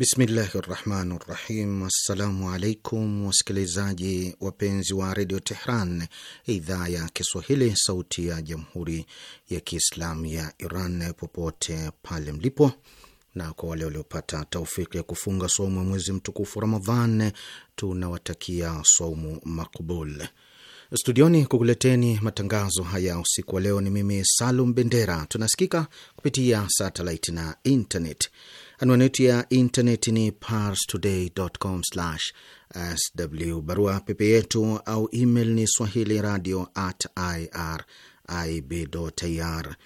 Bismillahi rahmani rahim. Assalamu alaikum wasikilizaji wapenzi wa redio Tehran, idhaa ya Kiswahili, sauti ya jamhuri ya Kiislamu ya Iran, popote pale mlipo, na kwa wale waliopata taufiki ya kufunga saumu ya mwezi mtukufu Ramadhan, tunawatakia saumu makbul studioni kukuleteni matangazo haya usiku wa leo. Ni mimi Salum Bendera. Tunasikika kupitia satellite na internet. Anwani yetu ya internet ni parstoday.com/sw. Barua pepe yetu au email ni swahili radio at irib.ir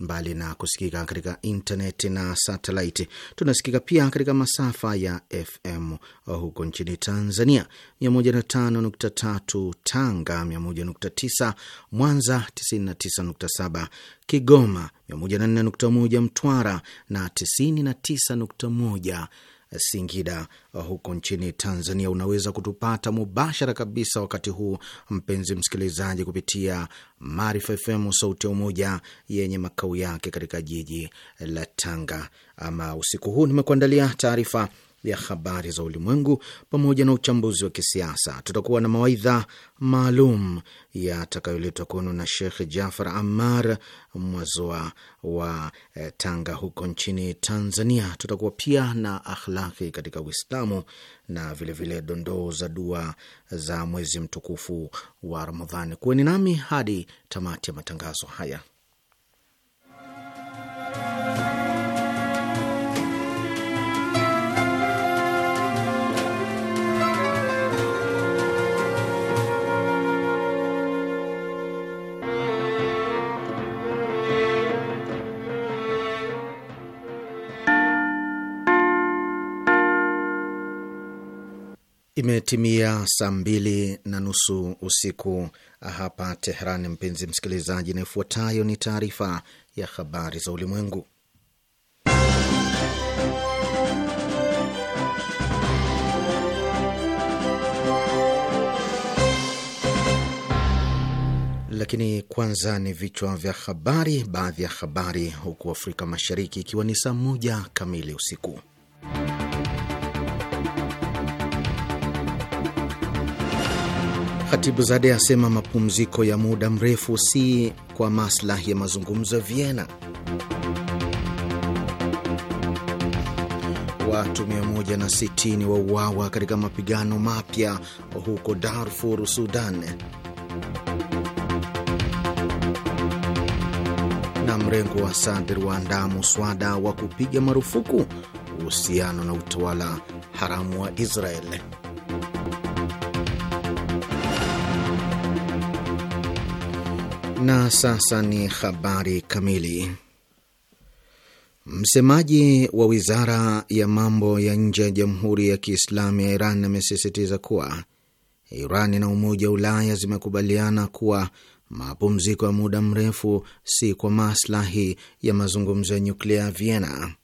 mbali na kusikika katika intaneti na satelaiti, tunasikika pia katika masafa ya FM huko nchini Tanzania: 105.3 Tanga, 101.9 Mwanza, 99.7 Kigoma, 104.1 Mtwara na 99.1 Singida uh, huko nchini Tanzania. Unaweza kutupata mubashara kabisa wakati huu, mpenzi msikilizaji, kupitia Maarifa FM sauti ya Umoja yenye makao yake katika jiji la Tanga. Ama usiku huu nimekuandalia taarifa ya habari za ulimwengu pamoja na uchambuzi wa kisiasa. Tutakuwa na mawaidha maalum yatakayoletwa kwenu na Shekh Jafar amar mwazoa wa e, Tanga huko nchini Tanzania. Tutakuwa pia na akhlaki katika Uislamu na vilevile dondoo za dua za mwezi mtukufu wa Ramadhani. Kuweni nami hadi tamati ya matangazo haya. Imetimia saa mbili na nusu usiku hapa Tehran. Mpenzi msikilizaji, na ifuatayo ni taarifa ya habari za ulimwengu, lakini kwanza ni vichwa vya habari. Baadhi ya habari huku Afrika Mashariki, ikiwa ni saa moja kamili usiku Katibu Zade asema mapumziko ya muda mrefu si kwa maslahi ya mazungumzo ya Vienna. Watu 160 wauawa katika mapigano mapya huko Darfur, Sudan. Na mrengo wa Sadr waandaa muswada wa kupiga marufuku uhusiano na utawala haramu wa Israeli. Na sasa ni habari kamili. Msemaji wa wizara ya mambo ya nje ya Jamhuri ya Kiislamu ya Iran amesisitiza kuwa Iran na Umoja wa Ulaya zimekubaliana kuwa mapumziko ya muda mrefu si kwa maslahi ya mazungumzo ya nyuklia ya Vienna.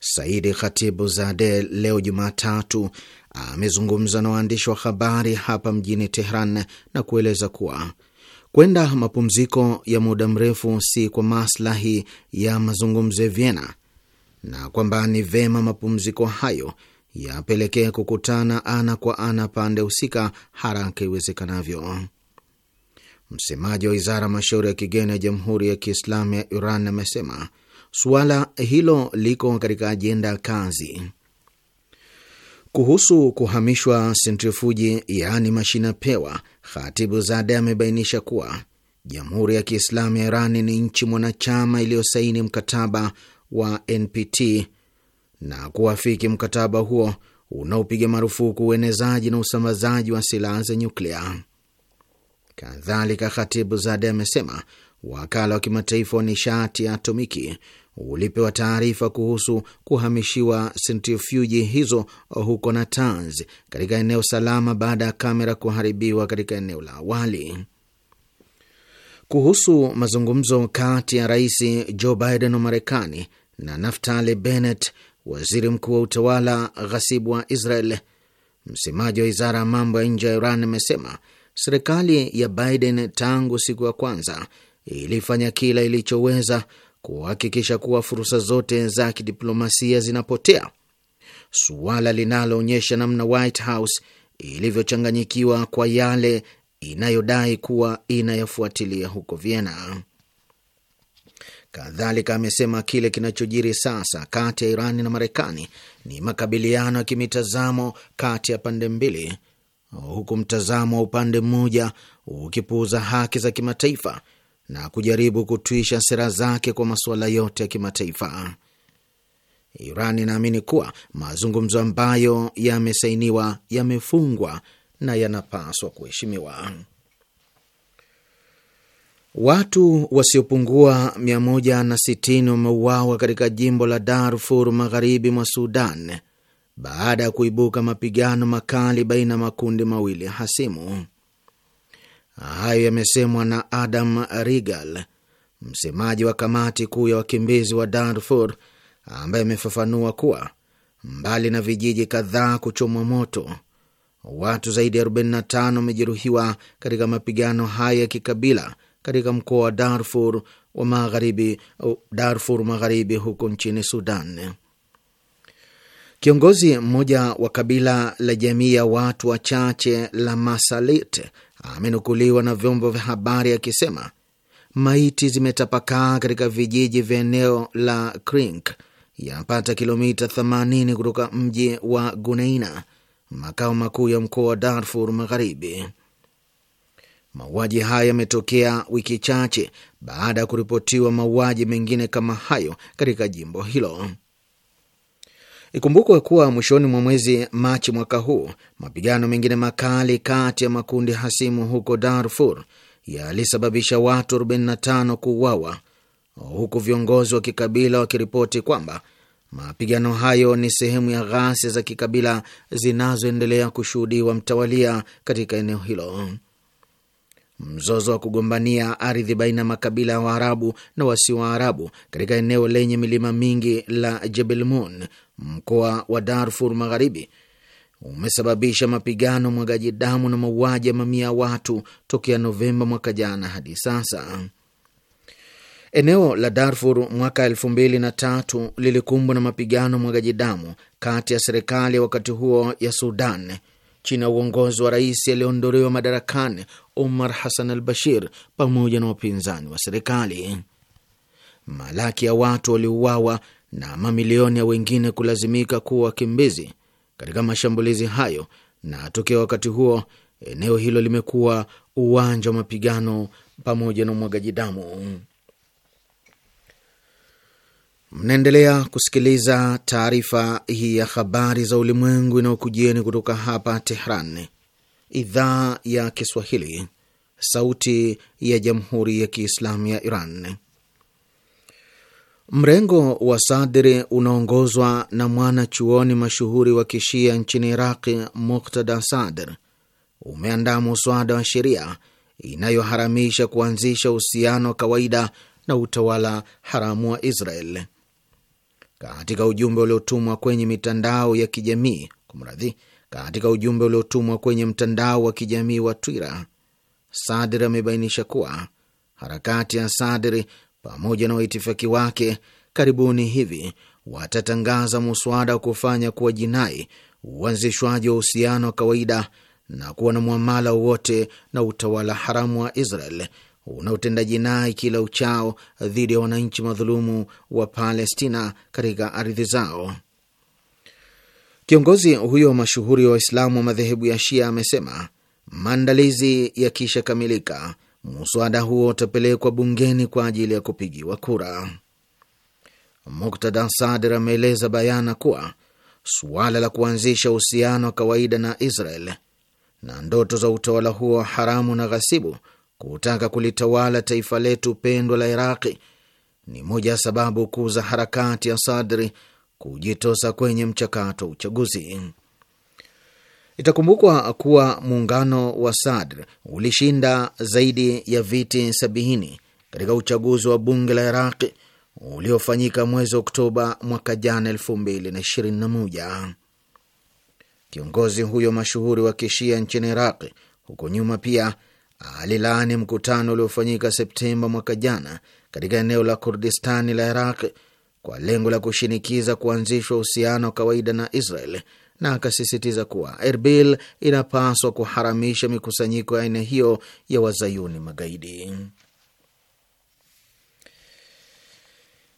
Saidi Khatibu Zade leo Jumatatu amezungumza na waandishi wa habari hapa mjini Tehran na kueleza kuwa Kwenda mapumziko ya muda mrefu si kwa maslahi ya mazungumzo ya Vienna, na kwamba ni vema mapumziko hayo yapelekee kukutana ana kwa ana pande husika haraka iwezekanavyo. Msemaji wa wizara mashauri ya kigeni ya Jamhuri ya Kiislamu ya Iran amesema suala hilo liko katika ajenda ya kazi. Kuhusu kuhamishwa sentrifuji, yaani mashina pewa, Khatibu Zade amebainisha kuwa Jamhuri ya Kiislamu ya Irani ni nchi mwanachama iliyosaini mkataba wa NPT na kuafiki mkataba huo unaopiga marufuku uenezaji na usambazaji wa silaha za nyuklia. Kadhalika, Khatibu Zade amesema wakala wa kimataifa wa nishati ya atomiki ulipewa taarifa kuhusu kuhamishiwa sentrifuji hizo huko Natanz katika eneo salama baada ya kamera kuharibiwa katika eneo la awali. Kuhusu mazungumzo kati ya rais Joe Biden wa Marekani na Naftali Bennett, waziri mkuu wa utawala ghasibu wa Israel, msemaji wa wizara ya mambo ya nje ya Iran amesema serikali ya Biden tangu siku ya kwanza ilifanya kila ilichoweza kuhakikisha kuwa fursa zote za kidiplomasia zinapotea, suala linaloonyesha namna White House ilivyochanganyikiwa kwa yale inayodai kuwa inayafuatilia huko Vienna. Kadhalika amesema kile kinachojiri sasa kati ya Irani na Marekani ni makabiliano ya kimitazamo kati ya pande mbili, huku mtazamo wa upande mmoja ukipuuza haki za kimataifa na kujaribu kutwisha sera zake kwa masuala yote ya kimataifa. Iran inaamini kuwa mazungumzo ambayo yamesainiwa yamefungwa na yanapaswa kuheshimiwa. Watu wasiopungua 160 wameuawa katika jimbo la Darfur magharibi mwa Sudan baada ya kuibuka mapigano makali baina ya makundi mawili hasimu. Hayo yamesemwa na Adam Rigal, msemaji wa kamati kuu ya wakimbizi wa Darfur, ambaye amefafanua kuwa mbali na vijiji kadhaa kuchomwa moto, watu zaidi ya 45 wamejeruhiwa katika mapigano haya ya kikabila katika mkoa wa Darfur wa magharibi, Darfur magharibi huko nchini Sudan. Kiongozi mmoja wa kabila la jamii ya watu wachache la Masalit amenukuliwa na vyombo vya habari akisema maiti zimetapakaa katika vijiji vya eneo la Krink, yapata kilomita 80 kutoka mji wa Guneina, makao makuu ya mkoa wa Darfur Magharibi. Mauaji haya yametokea wiki chache baada ya kuripotiwa mauaji mengine kama hayo katika jimbo hilo. Ikumbukwe kuwa mwishoni mwa mwezi Machi mwaka huu mapigano mengine makali kati ya makundi hasimu huko Darfur yalisababisha watu 45 kuuawa huku viongozi wa kikabila wakiripoti kwamba mapigano hayo ni sehemu ya ghasia za kikabila zinazoendelea kushuhudiwa mtawalia katika eneo hilo. Mzozo wa kugombania ardhi baina ya makabila ya Waarabu na wasio Waarabu katika eneo lenye milima mingi la Jebel Moon mkoa wa Darfur Magharibi umesababisha mapigano, mwagaji damu na mauaji ya mamia ya watu tokea Novemba mwaka jana hadi sasa. Eneo la Darfur mwaka elfu mbili na tatu lilikumbwa na mapigano mwagaji damu kati ya serikali ya wakati huo ya Sudan chini ya uongozi wa rais aliyeondolewa madarakani Omar Hassan al Bashir pamoja na wapinzani wa serikali. Malaki ya watu waliuawa na mamilioni ya wengine kulazimika kuwa wakimbizi katika mashambulizi hayo, na tokea wakati huo eneo hilo limekuwa uwanja wa mapigano pamoja na umwagaji damu. Mnaendelea kusikiliza taarifa hii ya habari za ulimwengu inayokujieni kutoka hapa Tehran, idhaa ya Kiswahili, sauti ya jamhuri ya kiislamu ya Iran. Mrengo wa Sadri unaongozwa na mwana chuoni mashuhuri wa kishia nchini Iraqi, Muktada Sadr, umeandaa muswada wa sheria inayoharamisha kuanzisha uhusiano wa kawaida na utawala haramu wa Israel. Katika ujumbe uliotumwa kwenye mitandao ya kijamii kumradhi, katika ujumbe uliotumwa kwenye mtandao wa kijamii wa Twitter, Sadri amebainisha kuwa harakati ya Sadri pamoja na waitifaki wake karibuni hivi watatangaza muswada wa kufanya kuwa jinai uanzishwaji wa uhusiano wa kawaida na kuwa na mwamala wowote na utawala haramu wa Israel unaotenda jinai kila uchao dhidi ya wananchi madhulumu wa Palestina katika ardhi zao. Kiongozi huyo mashuhuri wa Waislamu wa madhehebu ya Shia amesema maandalizi yakishakamilika Muswada huo utapelekwa bungeni kwa ajili ya kupigiwa kura. Muktada Sadr ameeleza bayana kuwa suala la kuanzisha uhusiano wa kawaida na Israel na ndoto za utawala huo haramu na ghasibu kutaka kulitawala taifa letu pendwa la Iraqi ni moja ya sababu kuu za harakati ya Sadri kujitosa kwenye mchakato wa uchaguzi. Itakumbukwa kuwa muungano wa Sadr ulishinda zaidi ya viti 70 katika uchaguzi wa bunge la iraq uliofanyika mwezi Oktoba mwaka jana 221 Kiongozi huyo mashuhuri wa kishia nchini iraq huko nyuma pia alilaani mkutano uliofanyika Septemba mwaka jana katika eneo la Kurdistani la Iraq kwa lengo la kushinikiza kuanzishwa uhusiano wa kawaida na Israel na akasisitiza kuwa Erbil inapaswa kuharamisha mikusanyiko ya aina hiyo ya wazayuni magaidi.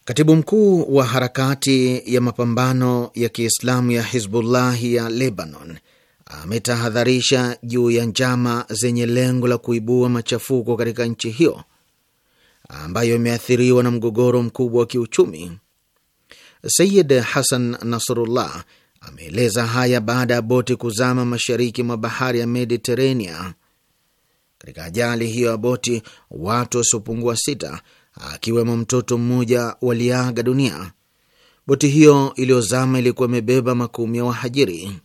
Katibu mkuu wa harakati ya mapambano ya Kiislamu ya Hizbullahi ya Lebanon ametahadharisha juu ya njama zenye lengo la kuibua machafuko katika nchi hiyo ambayo imeathiriwa na mgogoro mkubwa wa kiuchumi. Sayid Hasan Nasrullah ameeleza haya baada ya boti kuzama mashariki mwa bahari ya Mediterania. Katika ajali hiyo ya boti, watu wasiopungua sita akiwemo mtoto mmoja waliaga dunia. Boti hiyo iliyozama ilikuwa imebeba makumi ya wahajiri.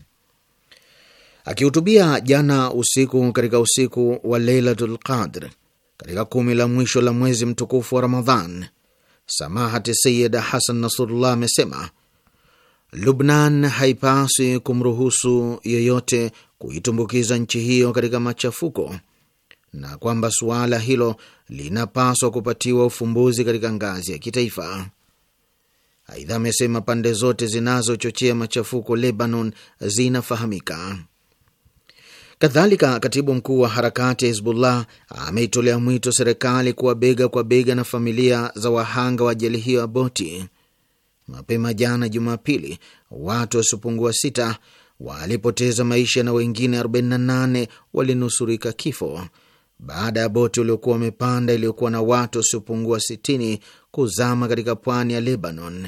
Akihutubia jana usiku katika usiku wa Lailatul Qadr katika kumi la mwisho la mwezi mtukufu wa Ramadhan, Samahati Sayid Hasan Nasrullah amesema Lubnan haipaswi kumruhusu yeyote kuitumbukiza nchi hiyo katika machafuko na kwamba suala hilo linapaswa kupatiwa ufumbuzi katika ngazi ya kitaifa. Aidha, amesema pande zote zinazochochea machafuko Lebanon zinafahamika. Kadhalika, katibu mkuu wa harakati ya Hizbullah ameitolea mwito serikali kuwa bega kwa bega na familia za wahanga wa ajali hiyo ya boti mapema jana Jumapili, watu wasiopungua sita walipoteza maisha na wengine 48 walinusurika kifo baada ya boti waliokuwa wamepanda iliyokuwa na watu wasiopungua 60 kuzama katika pwani ya Lebanon.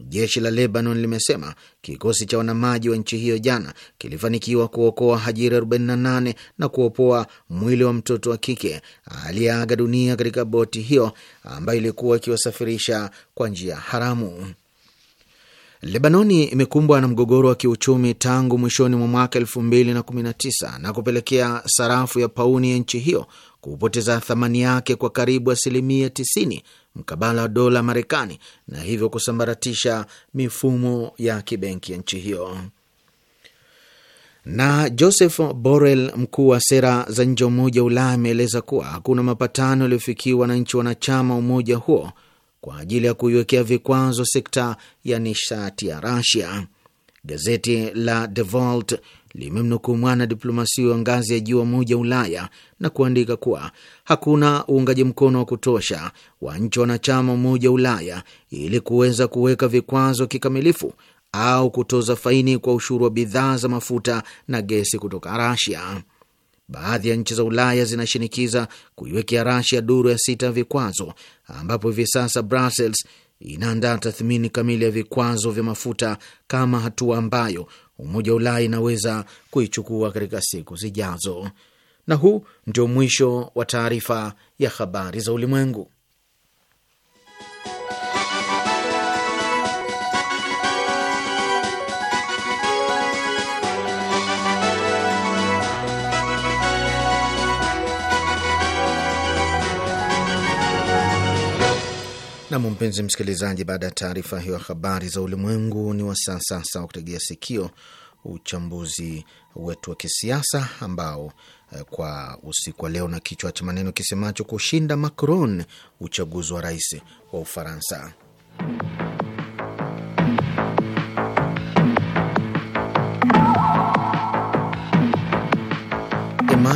Jeshi la Lebanon limesema kikosi cha wanamaji wa nchi hiyo jana kilifanikiwa kuokoa Hajira 48 na kuopoa mwili wa mtoto wa kike aliyeaga dunia katika boti hiyo ambayo ilikuwa ikiwasafirisha kwa njia haramu. Lebanoni imekumbwa na mgogoro wa kiuchumi tangu mwishoni mwa mwaka 2019 na kupelekea sarafu ya pauni ya nchi hiyo kupoteza thamani yake kwa karibu asilimia 90 mkabala wa dola Marekani na hivyo kusambaratisha mifumo ya kibenki ya nchi hiyo. Na Joseph Borrell, mkuu wa sera za nje wa Umoja wa Ulaya, ameeleza kuwa hakuna mapatano yaliyofikiwa na nchi wanachama umoja huo kwa ajili ya kuiwekea vikwazo sekta ya nishati ya Rasia. Gazeti la The limemnukuu mwana diplomasia wa ngazi ya juu wa Umoja wa Ulaya na kuandika kuwa hakuna uungaji mkono wa kutosha wa nchi wanachama Umoja wa Ulaya ili kuweza kuweka vikwazo kikamilifu au kutoza faini kwa ushuru wa bidhaa za mafuta na gesi kutoka rasia Baadhi ya nchi za Ulaya zinashinikiza kuiwekea rasia duru ya sita ya vikwazo, ambapo hivi sasa Brussels inaandaa tathmini kamili ya vikwazo vya mafuta kama hatua ambayo Umoja wa Ulaya inaweza kuichukua katika siku zijazo. Na huu ndio mwisho wa taarifa ya habari za ulimwengu. Nam, mpenzi msikilizaji, baada ya taarifa hiyo habari za ulimwengu, ni wasaa sasa wa kutegea sikio uchambuzi wetu wa kisiasa ambao eh, kwa usiku wa leo na kichwa cha maneno kisemacho kushinda Macron uchaguzi wa rais wa Ufaransa.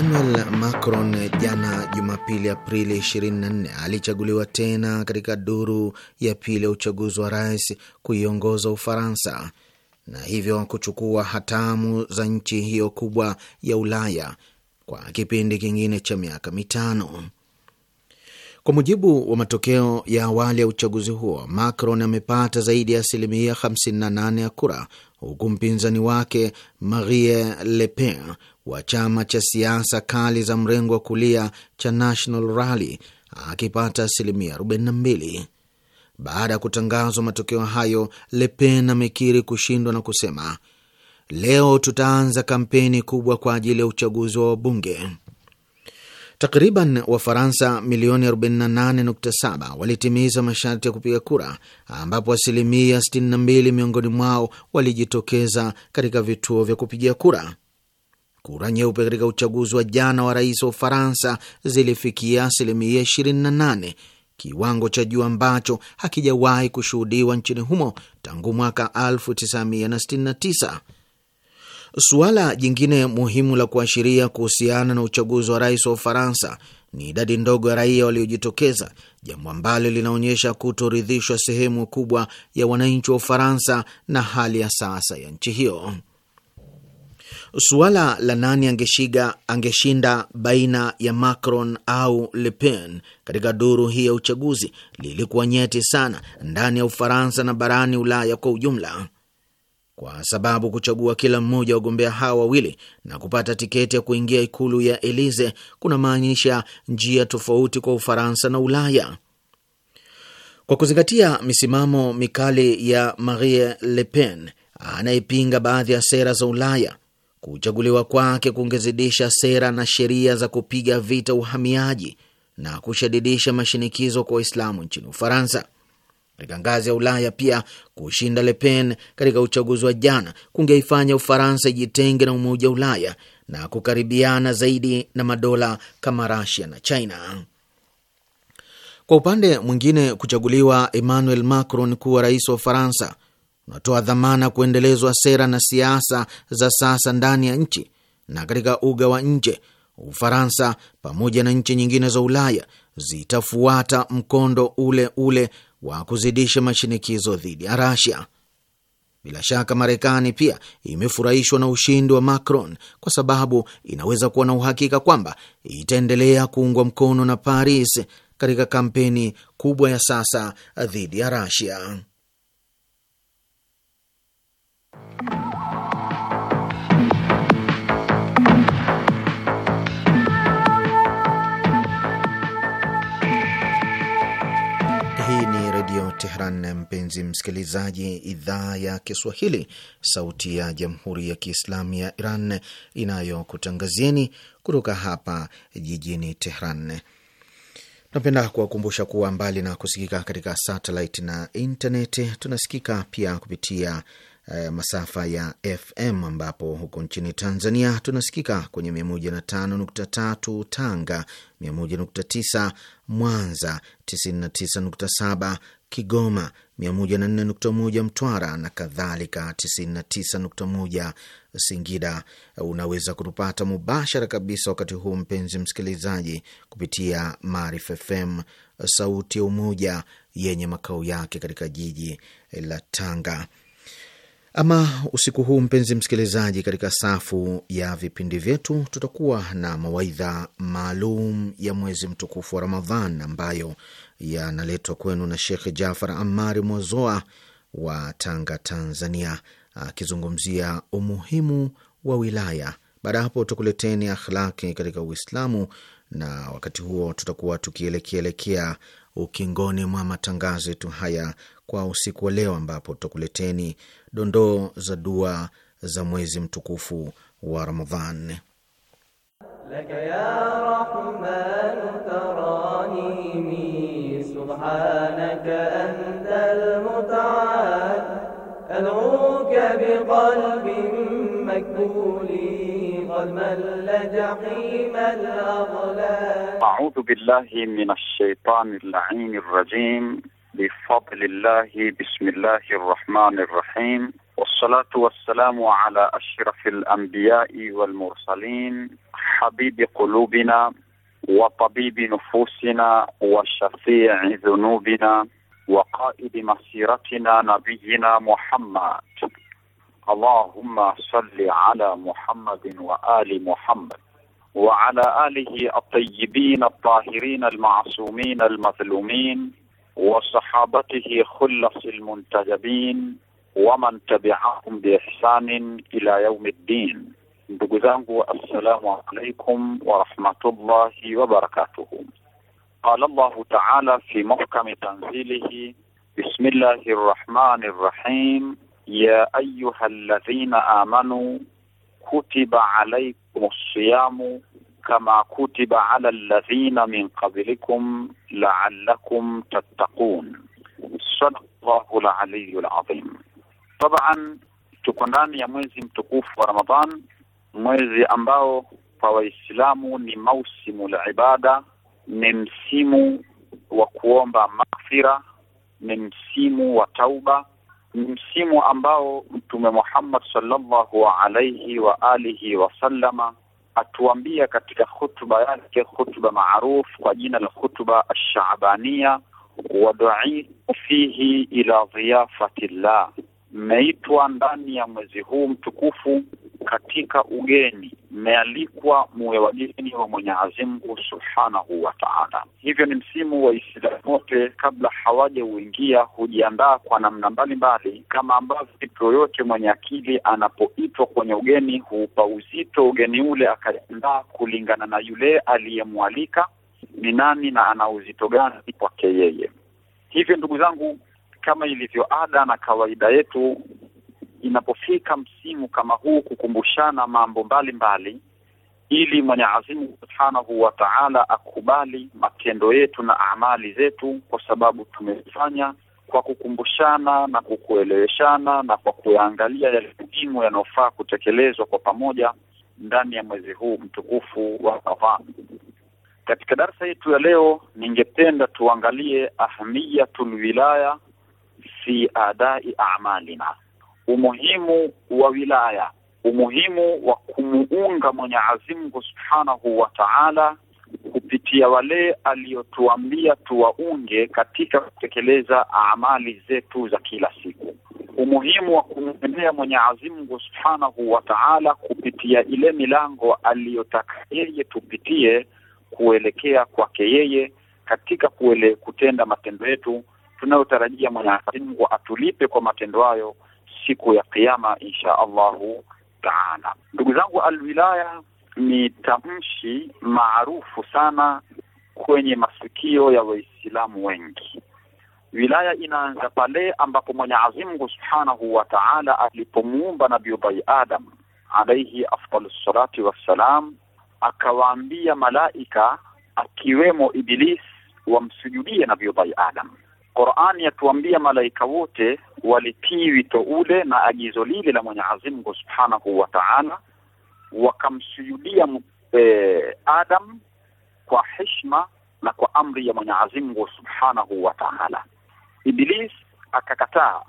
Emmanuel Macron jana Jumapili, Aprili 24 alichaguliwa tena katika duru ya pili ya uchaguzi wa rais kuiongoza Ufaransa na hivyo kuchukua hatamu za nchi hiyo kubwa ya Ulaya kwa kipindi kingine cha miaka mitano. Kwa mujibu wa matokeo ya awali ya uchaguzi huo, Macron amepata zaidi ya asilimia 58 ya kura, huku mpinzani wake Marie Le Pen wa chama cha siasa kali za mrengo wa kulia cha National Rally akipata asilimia 42. Baada ya kutangazwa matokeo hayo, Le Pen amekiri kushindwa na kusema, leo tutaanza kampeni kubwa kwa ajili ya uchaguzi wa wabunge. Takriban Wafaransa milioni 48.7 walitimiza masharti ya kupiga kura, ambapo asilimia 62 miongoni mwao walijitokeza katika vituo vya kupigia kura. Kura nyeupe katika uchaguzi wa jana wa rais wa Ufaransa zilifikia asilimia 28, kiwango cha juu ambacho hakijawahi kushuhudiwa nchini humo tangu mwaka 1969 Suala jingine muhimu la kuashiria kuhusiana na uchaguzi wa rais wa Ufaransa ni idadi ndogo ya raia waliojitokeza, jambo ambalo linaonyesha kutoridhishwa sehemu kubwa ya wananchi wa Ufaransa na hali ya sasa ya nchi hiyo. Suala la nani angeshiga angeshinda baina ya Macron au Le Pen katika duru hii ya uchaguzi lilikuwa nyeti sana ndani ya Ufaransa na barani Ulaya kwa ujumla kwa sababu kuchagua kila mmoja wagombea hawa wawili na kupata tiketi ya kuingia ikulu ya Elize kunamaanisha njia tofauti kwa Ufaransa na Ulaya. Kwa kuzingatia misimamo mikali ya Marie Le Pen anayepinga baadhi ya sera za Ulaya, kuchaguliwa kwake kungezidisha sera na sheria za kupiga vita uhamiaji na kushadidisha mashinikizo kwa Waislamu nchini Ufaransa katika ngazi ya Ulaya. Pia kushinda Le Pen katika uchaguzi wa jana kungeifanya Ufaransa ijitenge na Umoja wa Ulaya na kukaribiana zaidi na madola kama Rasia na China. Kwa upande mwingine, kuchaguliwa Emmanuel Macron kuwa rais wa Ufaransa unatoa dhamana kuendelezwa sera na siasa za sasa ndani ya nchi na katika uga wa nje. Ufaransa pamoja na nchi nyingine za Ulaya zitafuata mkondo ule ule wa kuzidisha mashinikizo dhidi ya Rasia. Bila shaka Marekani pia imefurahishwa na ushindi wa Macron kwa sababu inaweza kuwa na uhakika kwamba itaendelea kuungwa mkono na Paris katika kampeni kubwa ya sasa dhidi ya Rasia. Tehran. Mpenzi msikilizaji, idhaa ya Kiswahili, sauti ya jamhuri ya kiislamu ya Iran inayokutangazieni kutoka hapa jijini Tehran. Napenda kuwakumbusha kuwa mbali na kusikika katika satellite na intnet tunasikika pia kupitia eh, masafa ya FM ambapo huko nchini Tanzania tunasikika kwenye 105.3 Tanga, 101.9 Mwanza, 99.7 Kigoma 104.1 Mtwara na kadhalika 99.1 Singida. Unaweza kutupata mubashara kabisa wakati huu mpenzi msikilizaji, kupitia Maarifa FM sauti ya Umoja yenye makao yake katika jiji la Tanga. Ama usiku huu mpenzi msikilizaji, katika safu ya vipindi vyetu tutakuwa na mawaidha maalum ya mwezi mtukufu wa Ramadhan ambayo yanaletwa kwenu na Shekhe Jafar Amari Mwazoa wa Tanga, Tanzania, akizungumzia umuhimu wa wilaya. Baada ya hapo, tukuleteni akhlaki katika Uislamu, na wakati huo tutakuwa tukielekeelekea ukingoni mwa matangazo yetu haya kwa usiku wa leo, ambapo tutakuleteni dondoo za dua za mwezi mtukufu wa Ramadhan. لك يا رحمن تراني سبحانك أنت المتعال أدعوك بقلب مكبول قد مل جحيم الأغلال أعوذ بالله من الشيطان اللعين الرجيم بفضل الله بسم الله الرحمن الرحيم والصلاة والسلام على أشرف الأنبياء والمرسلين حبيب قلوبنا وطبيب نفوسنا وشفيع ذنوبنا وقائد مسيرتنا نبينا محمد اللهم صل على محمد وآل محمد وعلى آله الطيبين الطاهرين المعصومين المظلومين وصحابته خلص المنتجبين ومن تبعهم بإحسان إلى يوم الدين بجزانه السلام عليكم ورحمة الله وبركاته قال الله تعالى في محكم تنزيله بسم الله الرحمن الرحيم يا أيها الذين آمنوا كتب عليكم الصيام كما كتب على الذين من قبلكم لعلكم تتقون صدق الله العلي العظيم Taban, tuko ndani ya mwezi mtukufu wa Ramadhan, mwezi ambao kwa Waislamu ni mausimu la ibada, ni msimu wa kuomba maghfira, ni msimu wa tauba, ni msimu ambao Mtume Muhammad sallallahu alaihi wa alihi wasallama atuambia katika khutba yake, khutba maarufu kwa jina la khutba Ashabania, waduitu fihi ila dhiyafati llah mmeitwa ndani ya mwezi huu mtukufu katika ugeni, mmealikwa muwe wageni wa Mwenyezi Mungu subhanahu wa taala. Hivyo ni msimu wa Islamu wote kabla uingia hujiandaa kwa namna mbalimbali, kama ambavyo mtu yoyote mwenye akili anapoitwa kwenye ugeni huupa uzito ugeni ule, akajiandaa kulingana na yule aliyemwalika ni nani na ana uzito gani kwake yeye. Hivyo ndugu zangu kama ilivyo ada na kawaida yetu, inapofika msimu kama huu, kukumbushana mambo mbalimbali mbali, ili Mwenyezi Mungu Subhanahu wa Ta'ala akubali matendo yetu na amali zetu, kwa sababu tumefanya kwa kukumbushana na kukueleweshana na kwa kuyaangalia yale muhimu yanayofaa kutekelezwa kwa pamoja ndani ya mwezi huu mtukufu wa Ramadhan. Katika darsa yetu ya leo, ningependa tuangalie ahamiyatul wilaya fi adai amalina, umuhimu wa wilaya, umuhimu wa kumuunga Mwenyezi Mungu Subhanahu wa Ta'ala kupitia wale aliyotuambia tuwaunge katika kutekeleza amali zetu za kila siku, umuhimu wa kumwendea Mwenyezi Mungu Subhanahu wa Ta'ala kupitia ile milango aliyotaka yeye tupitie kuelekea kwake yeye katika kuele, kutenda matendo yetu tunayotarajia Mwenyezi Mungu atulipe kwa matendo hayo siku ya Kiyama, insha Allahu taala. Ndugu zangu, alwilaya ni tamshi maarufu sana kwenye masikio ya Waislamu wengi. Wilaya inaanza pale ambapo Mwenyezi Mungu subhanahu wa taala alipomuumba Nabiullahi Adam alaihi afdalusalatu salati wassalam, akawaambia malaika akiwemo Iblis wamsujudie Nabiullahi Adam Qur'ani yatuambia malaika wote walitii wito ule na agizo lile la Mwenyezi Mungu Subhanahu wa Ta'ala, wakamsujudia e, Adam kwa heshima na kwa amri ya Mwenyezi Mungu Subhanahu wa Ta'ala. Iblis akakataa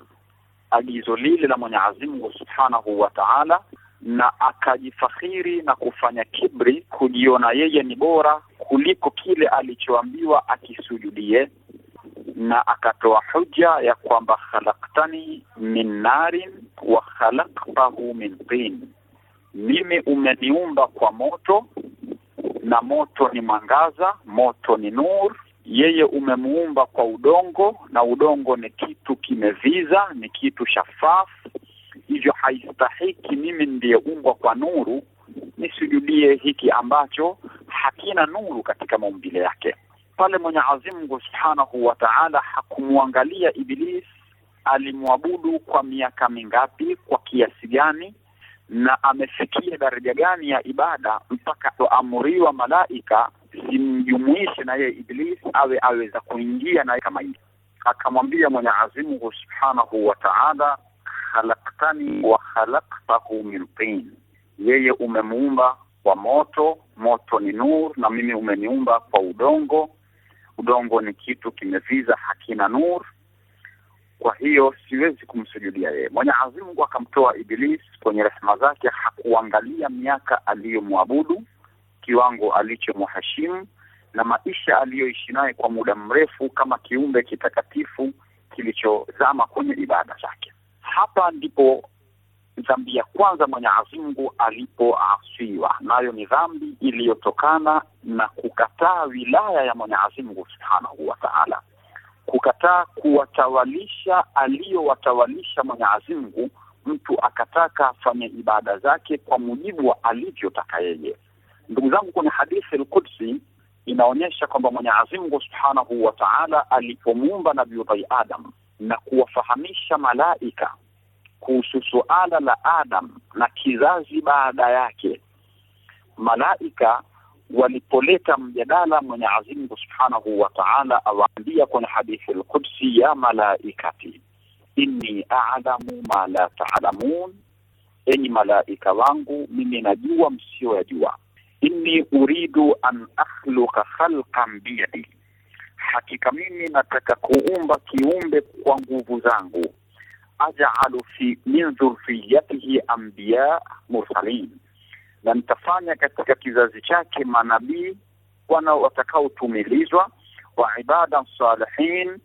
agizo lile la Mwenyezi Mungu Subhanahu wa Ta'ala na akajifakhiri na kufanya kibri, kujiona yeye ni bora kuliko kile alichoambiwa akisujudie na akatoa huja ya kwamba khalaktani min narin wa khalaktahu min tin, mimi umeniumba kwa moto na moto ni mwangaza, moto ni nur. Yeye umemuumba kwa udongo na udongo ni kitu kimeviza, ni kitu shafafu, hivyo haistahiki mimi umbwa kwa nuru nisujudie hiki ambacho hakina nuru katika maumbile yake pale Mwenyezi Mungu Subhanahu wa Ta'ala hakumwangalia Iblis alimwabudu kwa miaka mingapi, kwa kiasi gani, na amefikia daraja gani ya ibada mpaka aamuriwa malaika simjumuishe na yeye Iblis awe aweza kuingia na kama hivi. Akamwambia Mwenyezi Mungu Subhanahu wa Ta'ala, khalaqtani wa khalaqtahu min tin, yeye umemuumba kwa moto, moto ni nur, na mimi umeniumba kwa udongo Udongo ni kitu kimeviza, hakina nuru. Kwa hiyo siwezi kumsujudia yeye. Mwenyezi Mungu akamtoa Iblis kwenye rehema zake, hakuangalia miaka aliyomwabudu, kiwango alichomheshimu na maisha aliyoishi naye kwa muda mrefu kama kiumbe kitakatifu kilichozama kwenye ibada zake. Hapa ndipo dhambi ya kwanza Mwenyezi Mungu alipoasiwa, nayo ni dhambi iliyotokana na kukataa wilaya ya Mwenyezi Mungu subhanahu wa taala, kukataa kuwatawalisha aliyowatawalisha Mwenyezi Mungu. Mtu akataka afanye ibada zake kwa mujibu wa alivyotaka yeye. Ndugu zangu, kwenye hadithi al-Qudsi inaonyesha kwamba Mwenyezi Mungu subhanahu wa taala alipomuumba Nabii Adam na kuwafahamisha malaika kuhusu suala la Adam na kizazi baada yake, malaika walipoleta mjadala, Mwenyezi Mungu Subhanahu wa Ta'ala awaambia kwenye hadithi al-Qudsi, ya malaikati inni a'lamu ma la ta'lamun, enyi malaika wangu mimi najua msiyoyajua. Inni uridu an akhluqa khalqan biyadi, hakika mimi nataka kuumba kiumbe kwa nguvu zangu ajalu fi min dhurfiyatihi anbiya mursalin, na nitafanya katika kizazi chake manabii wana watakaotumilizwa wa ibada salihin,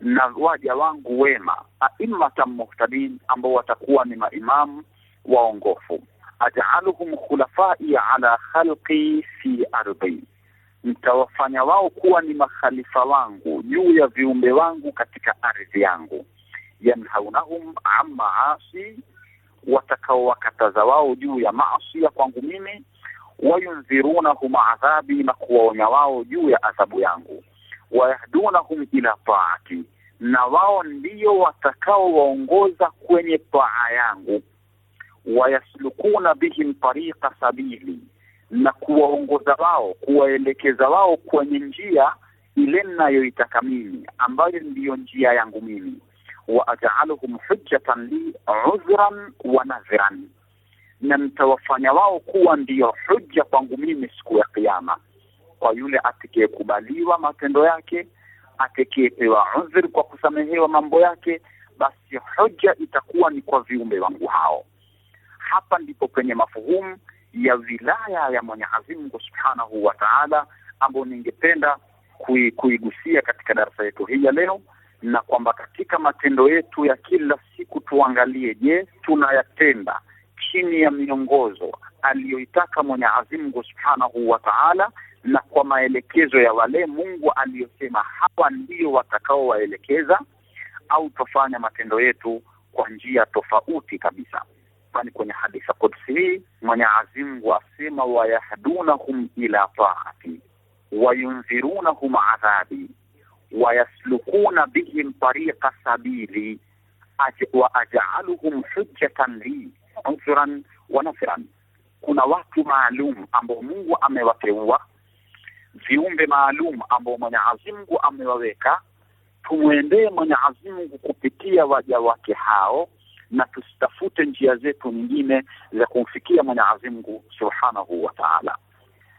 na waja wangu wema aimmatan muhtadin, ambao watakuwa ni maimamu waongofu. Ajaaluhum khulafai ala khalqi fi ardhi, nitawafanya wao kuwa ni makhalifa wangu juu ya viumbe wangu katika ardhi yangu yanhaunahum an maasi, watakaowakataza wao juu ya maasi ya kwangu mimi, wayundhirunahum adhabi, na kuwaonya wao juu ya adhabu yangu, wayahdunahum ila taati, na wao ndiyo watakaowaongoza kwenye taa yangu, wayaslukuna bihim tariqa sabili, na kuwaongoza wao kuwaelekeza wao kwenye njia ile nnayoitaka mimi, ambayo ndiyo njia yangu mimi wa aj'aluhum hujjatan li udhran wa nadhiran, na mtawafanya wao kuwa ndiyo hujja kwangu mimi siku ya Kiyama, kwa yule atakayekubaliwa matendo yake, atakayepewa udhur kwa kusamehewa mambo yake, basi hujja itakuwa ni kwa viumbe wangu hao. Hapa ndipo penye mafuhumu ya wilaya ya Mwenyezi Mungu Subhanahu wa Ta'ala, ambayo ningependa kuigusia katika darasa yetu hii ya leo na kwamba katika matendo yetu ya kila siku tuangalie, je, tunayatenda chini ya miongozo aliyoitaka Mwenyezi Mungu Subhanahu wa Ta'ala, na kwa maelekezo ya wale Mungu aliyosema hawa ndio watakaowaelekeza, au twafanya matendo yetu kwa njia tofauti kabisa. Kwani kwenye haditha kudsi hii Mwenyezi Mungu asema, wayahdunahum ila taati wayundhirunahum adhabi wayaslukuna bihim tariqa sabili wa ajaaluhum hujjatan li ansuran wa nasiran, kuna watu maalum ambao Mungu amewateua viumbe maalum ambao Mwenyezi Mungu amewaweka. Tumwendee Mwenyezi Mungu kupitia waja wake hao, na tusitafute njia zetu nyingine za kumfikia Mwenyezi Mungu subhanahu wa taala.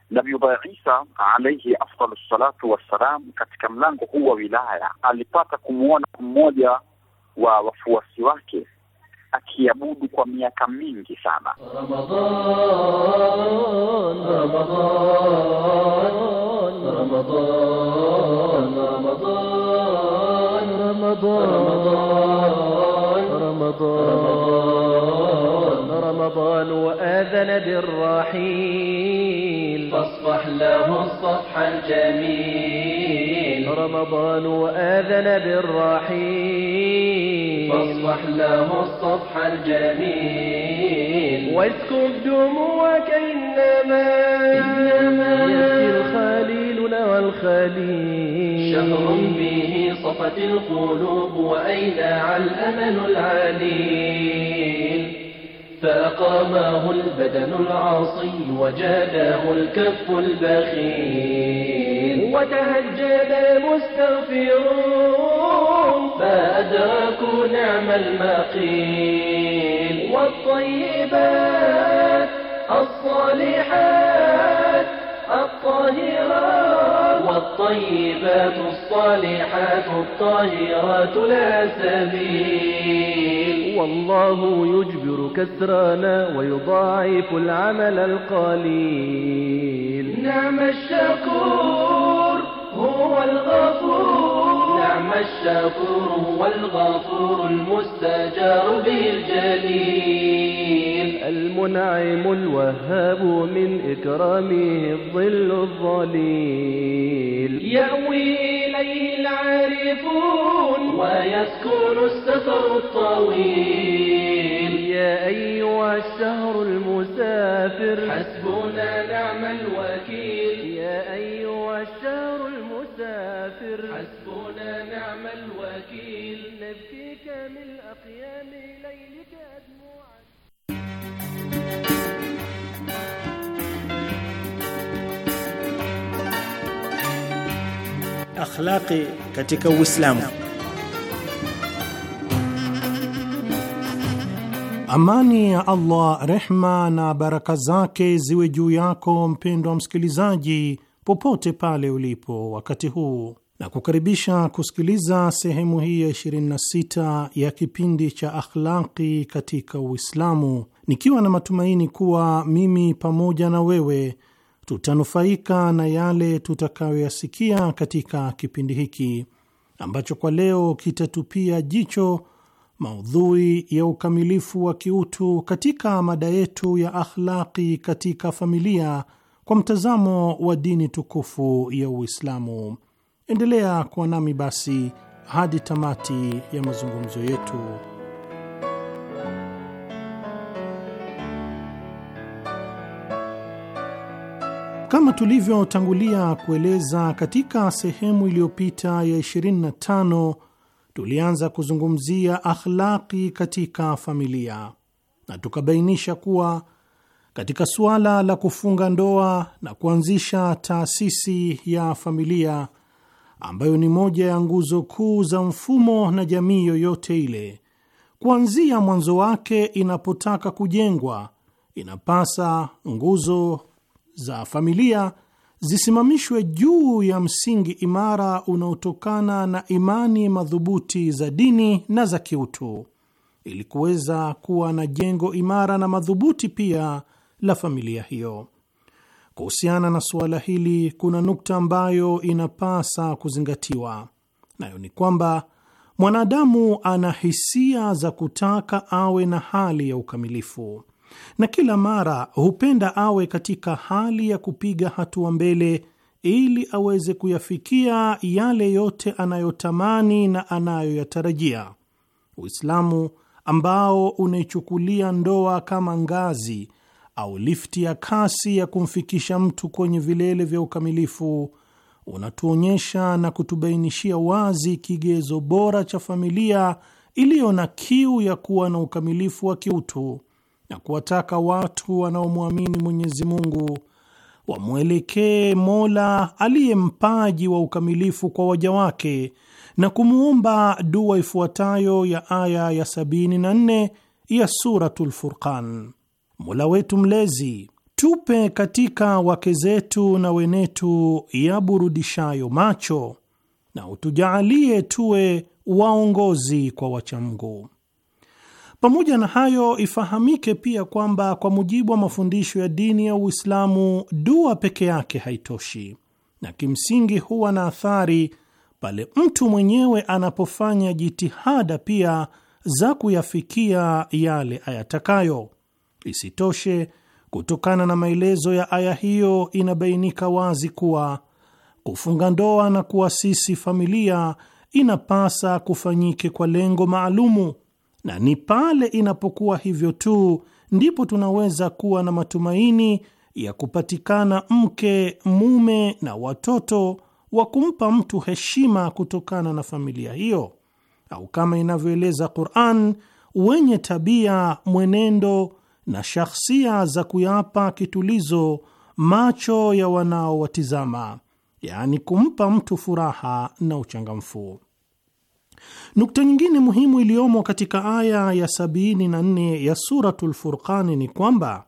Nabii Ullah Isa alayhi afdalu salatu wassalam, katika mlango huu wa wilaya alipata kumwona mmoja wa wafuasi wake akiabudu kwa miaka mingi sana. Ramadan, Ramadan, Ramadan, Ramadan, Ramadan, Ramadan, Ramadan. رمضان وآذن بالرحيل فاصفح له الصفح الجميل رمضان وآذن بالرحيل فاصفح له الصفح الجميل واسكب دموعك إنما إنما يأتي الخليل والخليل شهر به صفت القلوب وأينع الأمل العليل فأقامه البدن العاصي وجاداه الكف البخيل وتهجد مستغفرون فأدركوا نعم المقيل والطيبات الصالحات الطاهرات والطيبات الصالحات الطاهرات لا سبيل والله يجبر كسرانا ويضاعف العمل القليل نعم الشكور هو الغفور نعم الشكور هو الغفور المستجار الجليل المنعم الوهاب من إكرامه الظل الظليل يأوي إليه العارفون ويسكن السفر الطويل يا أيها الشهر المسافر حسبنا نعم الوكيل يا أيها الشهر المسافر حسبنا نعم الوكيل نبكيك من أقيام ليلك أدموع akhlaqi katika Uislamu. Amani ya Allah, rehma na baraka zake ziwe juu yako mpendwa msikilizaji, popote pale ulipo wakati huu, na kukaribisha kusikiliza sehemu hii ya 26 ya kipindi cha akhlaqi katika Uislamu, nikiwa na matumaini kuwa mimi pamoja na wewe tutanufaika na yale tutakayoyasikia katika kipindi hiki ambacho kwa leo kitatupia jicho maudhui ya ukamilifu wa kiutu katika mada yetu ya akhlaqi katika familia kwa mtazamo wa dini tukufu ya Uislamu. Endelea kuwa nami basi hadi tamati ya mazungumzo yetu. Kama tulivyotangulia kueleza katika sehemu iliyopita ya 25 tulianza kuzungumzia akhlaqi katika familia na tukabainisha kuwa katika suala la kufunga ndoa na kuanzisha taasisi ya familia ambayo ni moja ya nguzo kuu za mfumo na jamii yoyote ile, kuanzia mwanzo wake inapotaka kujengwa, inapasa nguzo za familia zisimamishwe juu ya msingi imara unaotokana na imani madhubuti za dini na za kiutu, ili kuweza kuwa na jengo imara na madhubuti pia la familia hiyo. Kuhusiana na suala hili, kuna nukta ambayo inapasa kuzingatiwa, nayo ni kwamba mwanadamu ana hisia za kutaka awe na hali ya ukamilifu na kila mara hupenda awe katika hali ya kupiga hatua mbele ili aweze kuyafikia yale yote anayotamani na anayoyatarajia. Uislamu ambao unaichukulia ndoa kama ngazi au lifti ya kasi ya kumfikisha mtu kwenye vilele vya ukamilifu unatuonyesha na kutubainishia wazi kigezo bora cha familia iliyo na kiu ya kuwa na ukamilifu wa kiutu na kuwataka watu wanaomwamini Mwenyezi Mungu wamwelekee Mola aliye mpaji wa ukamilifu kwa waja wake na kumwomba dua ifuatayo ya aya ya 74 ya Suratul Furqan: Mola wetu mlezi, tupe katika wake zetu na wenetu yaburudishayo macho na utujaalie tuwe waongozi kwa wachamgu. Pamoja na hayo, ifahamike pia kwamba kwa mujibu wa mafundisho ya dini ya Uislamu, dua peke yake haitoshi, na kimsingi huwa na athari pale mtu mwenyewe anapofanya jitihada pia za kuyafikia yale ayatakayo. Isitoshe, kutokana na maelezo ya aya hiyo, inabainika wazi kuwa kufunga ndoa na kuasisi familia inapasa kufanyike kwa lengo maalumu na ni pale inapokuwa hivyo tu ndipo tunaweza kuwa na matumaini ya kupatikana mke, mume na watoto wa kumpa mtu heshima kutokana na familia hiyo, au kama inavyoeleza Qur'an, wenye tabia, mwenendo na shakhsia za kuyapa kitulizo macho ya wanaowatizama, yaani kumpa mtu furaha na uchangamfu. Nukta nyingine muhimu iliyomo katika aya ya 74 ya Suratul Furqani ni kwamba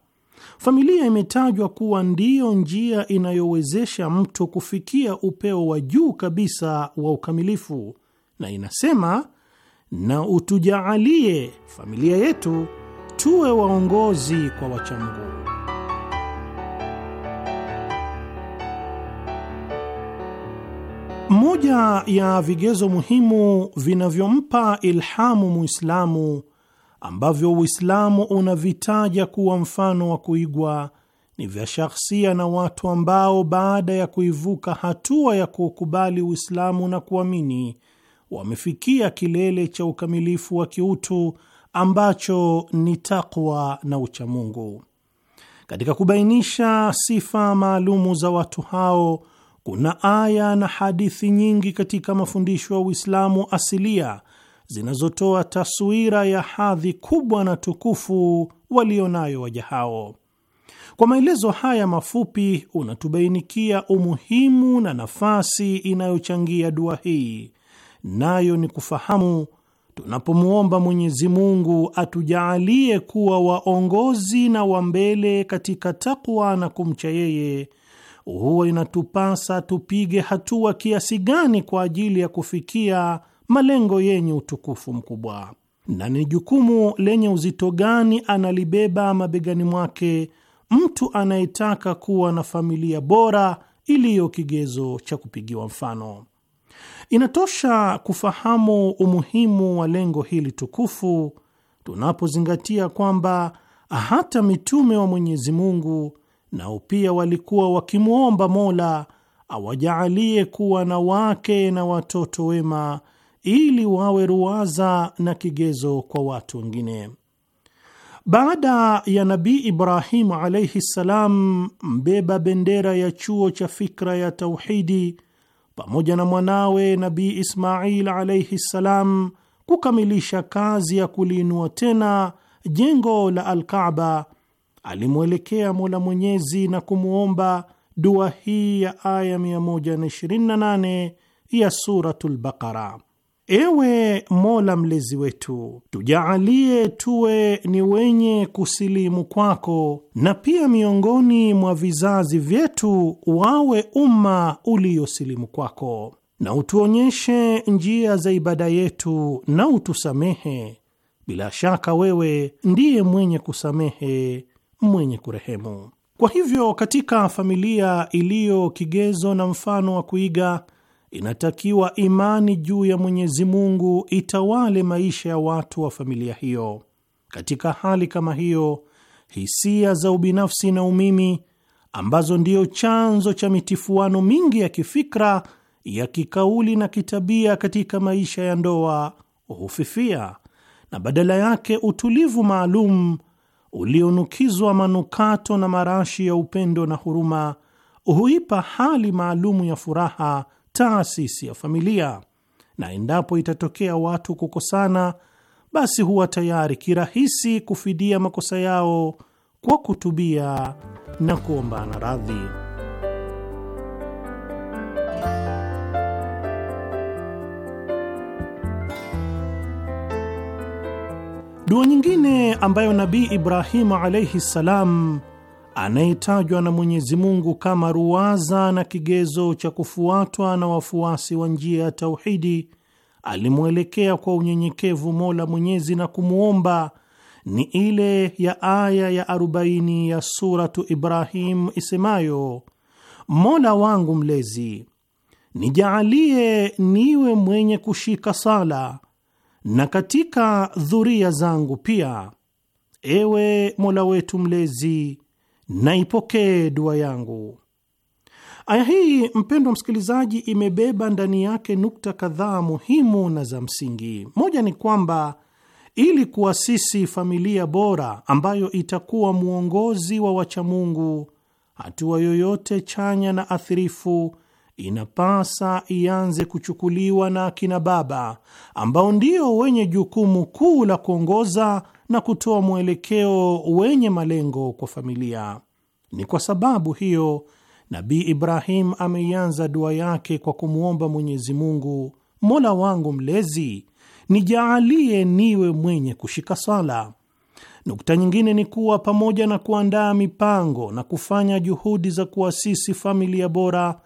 familia imetajwa kuwa ndiyo njia inayowezesha mtu kufikia upeo wa juu kabisa wa ukamilifu, na inasema na utujaalie familia yetu tuwe waongozi kwa wachamungu. Moja ya vigezo muhimu vinavyompa ilhamu Muislamu ambavyo Uislamu unavitaja kuwa mfano wa kuigwa ni vya shakhsia na watu ambao baada ya kuivuka hatua ya kuukubali Uislamu na kuamini wamefikia kilele cha ukamilifu wa kiutu ambacho ni takwa na uchamungu. Katika kubainisha sifa maalumu za watu hao kuna aya na hadithi nyingi katika mafundisho ya Uislamu asilia zinazotoa taswira ya hadhi kubwa na tukufu walionayo waja hao. Kwa maelezo haya mafupi, unatubainikia umuhimu na nafasi inayochangia dua hii, nayo ni kufahamu tunapomwomba Mwenyezi Mungu atujaalie kuwa waongozi na wambele katika takwa na kumcha yeye huwa inatupasa tupige hatua kiasi gani kwa ajili ya kufikia malengo yenye utukufu mkubwa, na ni jukumu lenye uzito gani analibeba mabegani mwake mtu anayetaka kuwa na familia bora iliyo kigezo cha kupigiwa mfano. Inatosha kufahamu umuhimu wa lengo hili tukufu tunapozingatia kwamba hata mitume wa Mwenyezi Mungu nao pia walikuwa wakimwomba Mola awajaalie kuwa na wake na watoto wema ili wawe ruwaza na kigezo kwa watu wengine. Baada ya Nabii Ibrahimu alaihi ssalam, mbeba bendera ya chuo cha fikra ya tauhidi, pamoja na mwanawe Nabii Ismail alaihi ssalam, kukamilisha kazi ya kuliinua tena jengo la alkaba alimwelekea Mola Mwenyezi na kumwomba dua hii ya aya 128 ya Suratul Baqara: Ewe Mola mlezi wetu, tujaalie tuwe ni wenye kusilimu kwako, na pia miongoni mwa vizazi vyetu wawe umma uliosilimu kwako, na utuonyeshe njia za ibada yetu, na utusamehe. Bila shaka wewe ndiye mwenye kusamehe mwenye kurehemu. Kwa hivyo, katika familia iliyo kigezo na mfano wa kuiga, inatakiwa imani juu ya Mwenyezi Mungu itawale maisha ya watu wa familia hiyo. Katika hali kama hiyo, hisia za ubinafsi na umimi ambazo ndiyo chanzo cha mitifuano mingi ya kifikra, ya kikauli na kitabia katika maisha ya ndoa hufifia na badala yake utulivu maalum ulionukizwa manukato na marashi ya upendo na huruma huipa hali maalumu ya furaha taasisi ya familia, na endapo itatokea watu kukosana, basi huwa tayari kirahisi kufidia makosa yao kwa kutubia na kuombana radhi. Dua nyingine ambayo Nabii Ibrahimu alaihi ssalam anayetajwa na Mwenyezi Mungu kama ruwaza na kigezo cha kufuatwa na wafuasi wa njia ya tauhidi, alimwelekea kwa unyenyekevu Mola Mwenyezi na kumwomba ni ile ya aya ya arobaini ya Suratu Ibrahim isemayo: Mola wangu mlezi, nijaalie niwe mwenye kushika sala na katika dhuria zangu pia. Ewe Mola wetu Mlezi, naipokee dua yangu. Aya hii mpendwa msikilizaji, imebeba ndani yake nukta kadhaa muhimu na za msingi. Moja ni kwamba ili kuasisi familia bora ambayo itakuwa mwongozi wa wachamungu, hatua yoyote chanya na athirifu inapasa ianze kuchukuliwa na akina baba ambao ndio wenye jukumu kuu la kuongoza na kutoa mwelekeo wenye malengo kwa familia. Ni kwa sababu hiyo Nabii Ibrahim ameianza dua yake kwa kumwomba Mwenyezi Mungu, Mola wangu mlezi, nijaalie niwe mwenye kushika sala. Nukta nyingine ni kuwa pamoja na kuandaa mipango na kufanya juhudi za kuasisi familia bora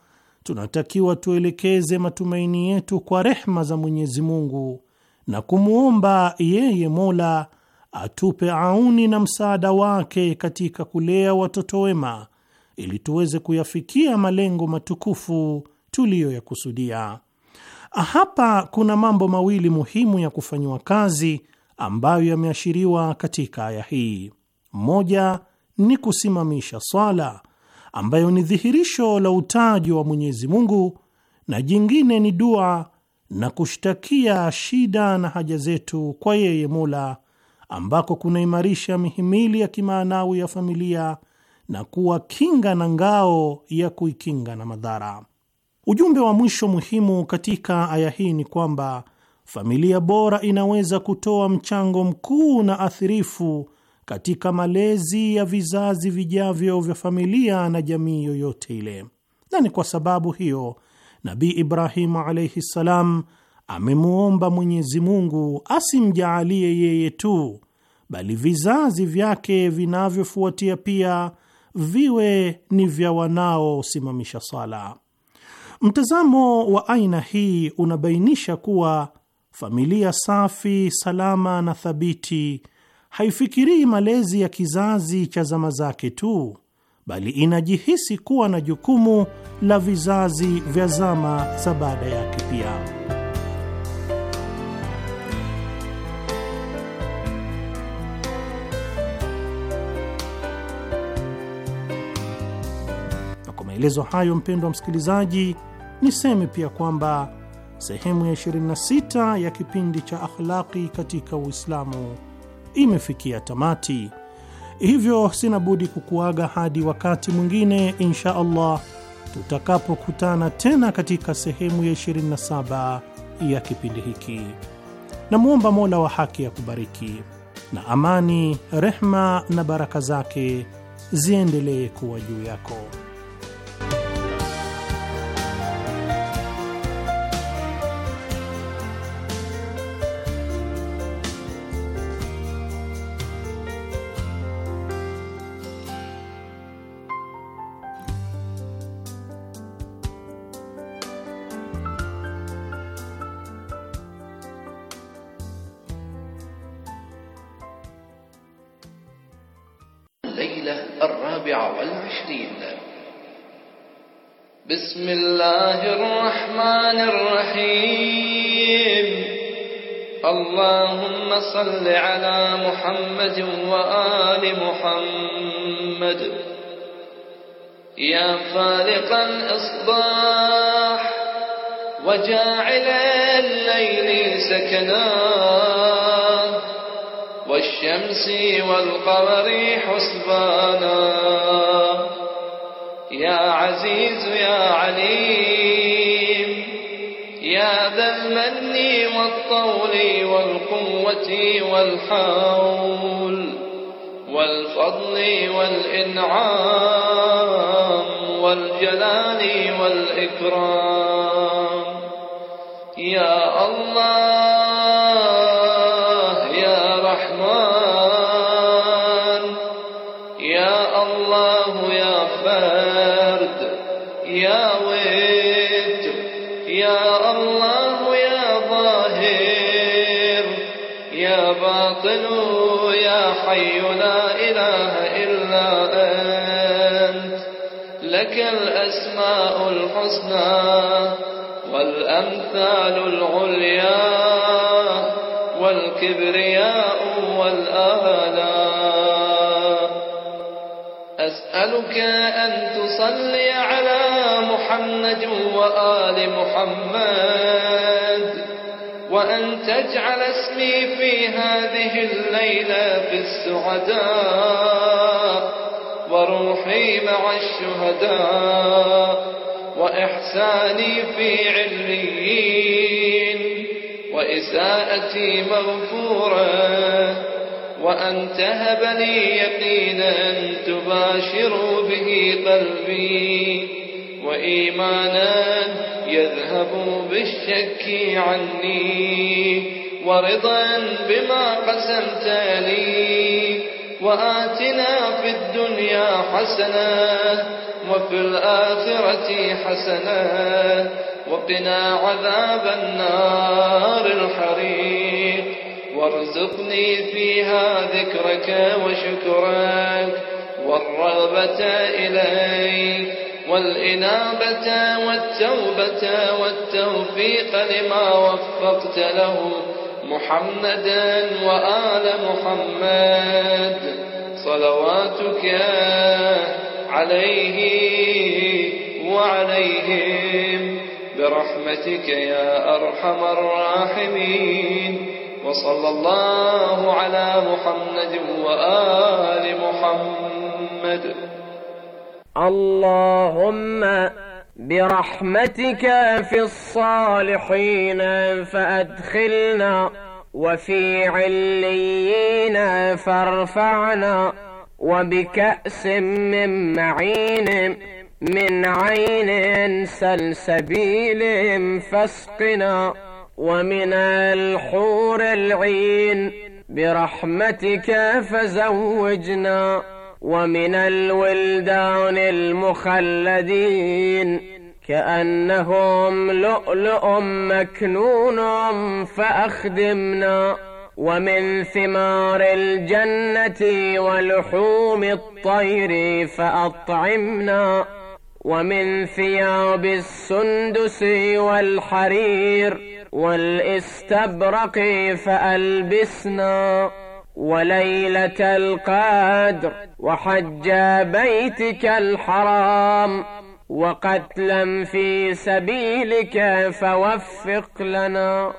tunatakiwa tuelekeze matumaini yetu kwa rehma za Mwenyezi Mungu na kumwomba yeye Mola atupe auni na msaada wake katika kulea watoto wema ili tuweze kuyafikia malengo matukufu tuliyoyakusudia. Hapa kuna mambo mawili muhimu ya kufanyiwa kazi ambayo yameashiriwa katika aya hii. Moja ni kusimamisha swala ambayo ni dhihirisho la utaji wa Mwenyezi Mungu, na jingine ni dua na kushtakia shida na haja zetu kwa yeye Mola, ambako kunaimarisha mihimili ya kimaanawi ya familia na kuwa kinga na ngao ya kuikinga na madhara. Ujumbe wa mwisho muhimu katika aya hii ni kwamba familia bora inaweza kutoa mchango mkuu na athirifu katika malezi ya vizazi vijavyo vya familia na jamii yoyote ile, na ni kwa sababu hiyo Nabii Ibrahimu alaihi ssalam amemwomba Mwenyezi Mungu asimjaalie yeye tu, bali vizazi vyake vinavyofuatia pia viwe ni vya wanaosimamisha sala. Mtazamo wa aina hii unabainisha kuwa familia safi, salama na thabiti haifikirii malezi ya kizazi cha zama zake tu, bali inajihisi kuwa na jukumu la vizazi vya zama za baada yake pia. Maelezo hayo mpendwa msikilizaji, niseme pia kwamba sehemu ya 26 ya kipindi cha Akhlaqi katika Uislamu imefikia tamati, hivyo sina budi kukuaga hadi wakati mwingine insha Allah tutakapokutana tena katika sehemu ya 27 ya kipindi hiki. Namwomba Mola wa haki ya kubariki na amani, rehma na baraka zake ziendelee kuwa juu yako. بسم الله الرحمن الرحيم اللهم صل على محمد وآل محمد يا فالق الإصباح وجاعل الليل سكناه والشمس والقمر حسبانا يا عزيز يا عليم يا ذا المن والطول والقوة والحول والفضل والإنعام والجلال والإكرام يا الله لك الأسماء الحسنى والأمثال العليا والكبرياء والآلاء أسألك أن تصلي على محمد وآل محمد وأن تجعل اسمي في هذه الليلة في السعداء وروحي مع الشهداء وإحساني في عليين وإساءتي مغفورة وأن تهب لي يقينا تباشر به قلبي وإيمانا يذهب بالشك عني ورضا بما قسمت لي وآتنا في الدنيا حسنة وفي الآخرة حسنة وقنا عذاب النار الحريق وارزقني فيها ذكرك وشكرك والرغبة إليك والإنابة والتوبة والتوفيق لما وفقت له محمدا وآل محمد صلواتك عليه وعليهم برحمتك يا أرحم الراحمين وصلى الله على محمد وآل محمد اللهم برحمتك في الصالحين فأدخلنا وفي عليين فارفعنا وبكأس من معين من عين سلسبيل فاسقنا ومن الحور العين برحمتك فزوجنا ومن الولدان المخلدين كأنهم لؤلؤ مكنون فأخدمنا ومن ثمار الجنة ولحوم الطير فأطعمنا ومن ثياب السندس والحرير والإستبرق فألبسنا وليلة القدر وحج بيتك الحرام وقتلا في سبيلك فوفق لنا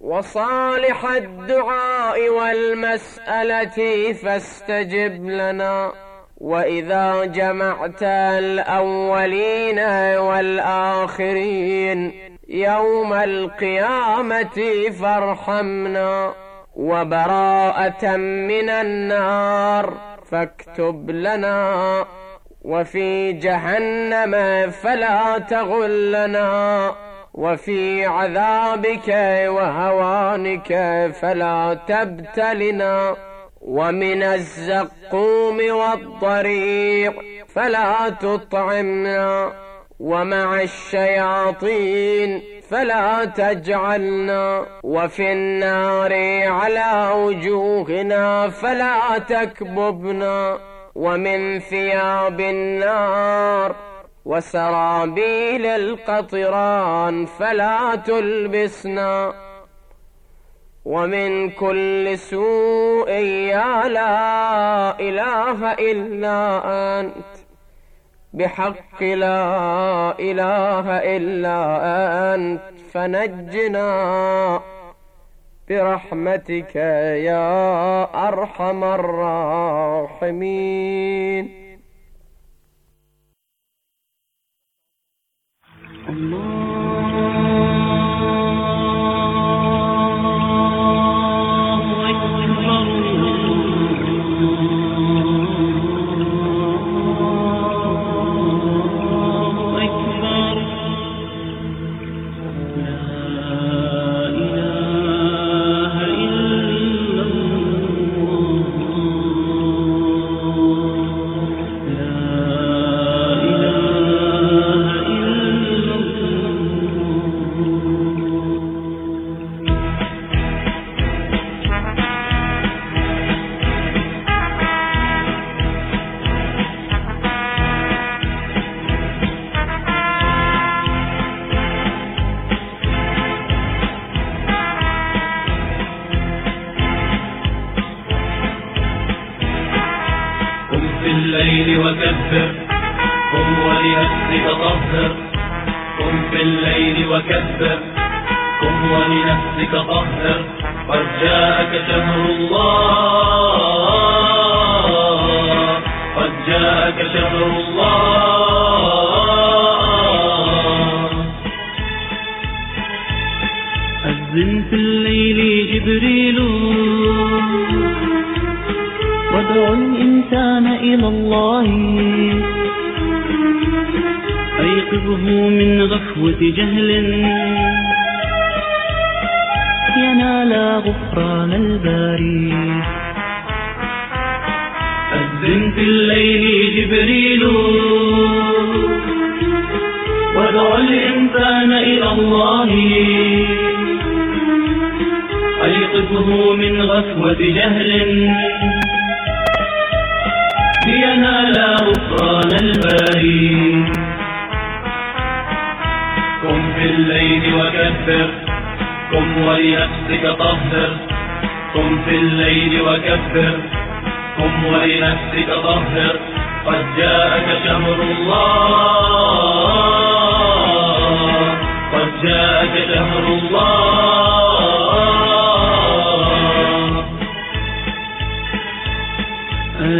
وصالح الدعاء والمسألة فاستجب لنا وإذا جمعت الأولين والآخرين يوم القيامة فارحمنا وبراءة من النار فاكتب لنا وفي جهنم فلا تغلنا وفي عذابك وهوانك فلا تبتلنا ومن الزقوم والضريع فلا تطعمنا ومع الشياطين فلا تجعلنا وفي النار على وجوهنا فلا تكببنا ومن ثياب النار وسرابيل القطران فلا تلبسنا ومن كل سوء يا لا إله إلا أنت بحق لا إله إلا أنت فنجنا برحمتك يا أرحم الراحمين الله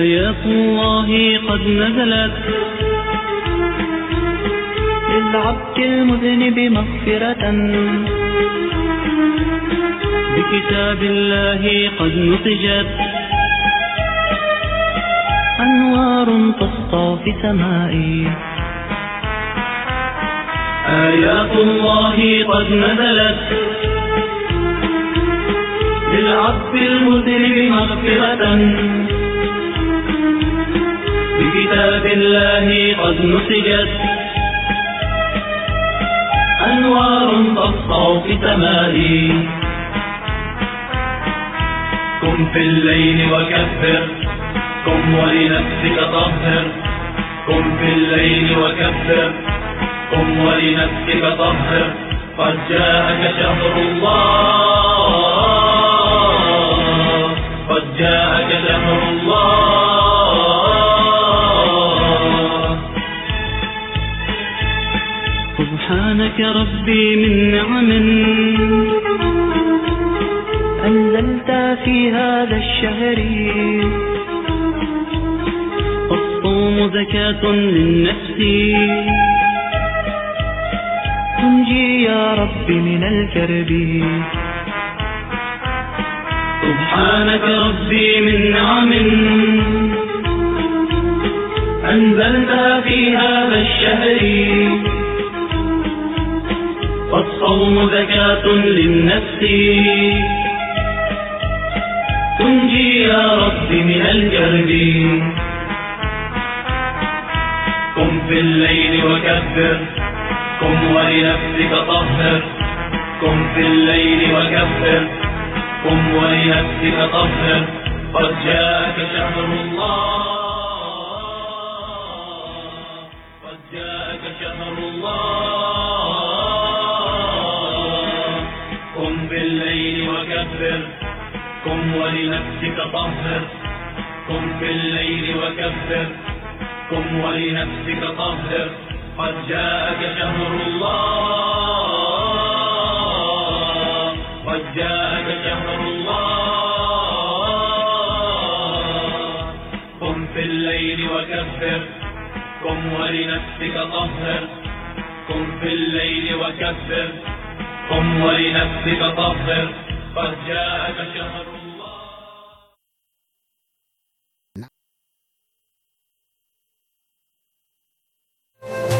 آيات الله قد نزلت للعبد المذنب مغفرة بكتاب الله قد نطجت أنوار تسطى في سمائي آيات الله قد نزلت للعبد المذنب مغفرة بكتاب الله قد نسجت أنوار تسطع في تمالي قم في الليل وكبر قم ولنفسك طهر قم في الليل وكبر قم ولنفسك طهر قد جاءك شهر الله قد جاءك شهر الله سبحانك ربي من نعم أنزلت في هذا الشهر الصوم زكاة للنفس تنجي يا ربي من الكرب سبحانك ربي من نعم أنزلت في هذا الشهر الصوم زكاة للنفس تنجي يا رب من الكرب قم في الليل وكبر قم ولنفسك طهر قم في الليل وكبر قم ولنفسك طهر قد جاءك شهر الله قد جاءك شهر الله قم ولنفسك طهر قم في الليل وكبر قم ولنفسك طهر قد جاءك شهر الله قد جاءك شهر الله قم في الليل وكبر قم ولنفسك طهر قم في الليل وكبر قم ولنفسك طهر قد جاءك شهر you